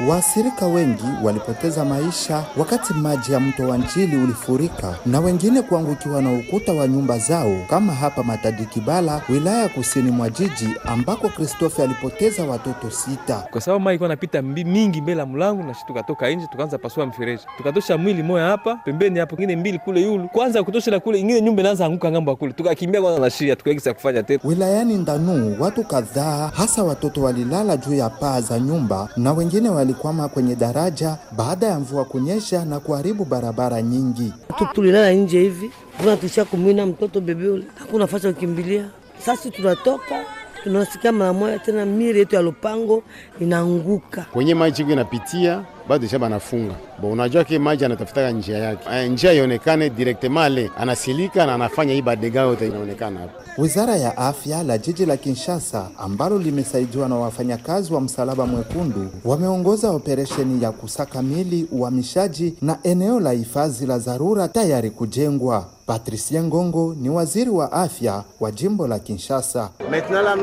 Waathirika wengi walipoteza maisha wakati maji ya mto wa Njili ulifurika na wengine kuangukiwa na ukuta wa nyumba zao, kama hapa Matadi Kibala, wilaya kusini mwa jiji ambako Kristofe alipoteza watoto sita, kwa sababu maji ilikuwa inapita mingi mbele ya mlango, na sisi tukatoka nje tukaanza pasua mfereji, tukatosha mwili moja hapa pembeni, hapo ingine mbili kule yulu, kwanza kutosha na kule ingine nyumba inaanza anguka ngambo kule, tukakimbia kwanza na shia tukaegisa kufanya tena. Wilayani Ndanu watu kadhaa hasa watoto walilala juu ya paa za nyumba na wengine wa walikwama kwenye daraja baada ya mvua kunyesha na kuharibu barabara nyingi. Tulilala nje hivi, kuna tusha kumwina mtoto bebe ule, hakuna fasi kukimbilia. Sasa tunatoka tunasikia mara moja tena miri yetu ya Lupango inaanguka kwenye maji, inapitia bado sha banafunga bo. Unajua ke maji anatafutaka njia yake, eh, njia ionekane directement ale anasilika na anafanya hii badega yote inaonekana hapo. Wizara ya afya la jiji la Kinshasa ambalo limesaidiwa na wafanyakazi wa Msalaba Mwekundu wameongoza operesheni ya kusaka mili, uhamishaji na eneo la hifadhi la dharura tayari kujengwa. Patricia Ngongo ni waziri wa afya wa jimbo la Kinshasa.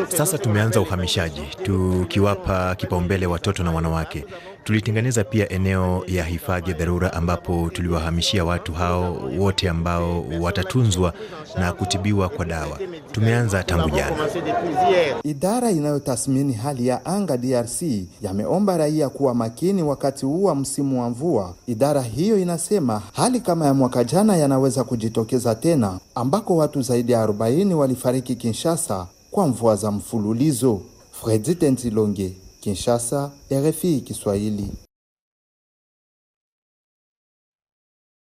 Sasa tumeanza uhamishaji tukiwapa kipaumbele watoto na wanawake Tulitengeneza pia eneo ya hifadhi ya dharura ambapo tuliwahamishia watu hao wote ambao watatunzwa na kutibiwa kwa dawa. Tumeanza tangu jana. Idara inayotathmini hali ya anga DRC yameomba raia kuwa makini wakati huu wa msimu wa mvua. Idara hiyo inasema hali kama ya mwaka jana yanaweza kujitokeza tena, ambako watu zaidi ya 40 walifariki Kinshasa kwa mvua za mfululizo. Fredi Tentilonge, Kinshasa, RFI Kiswahili.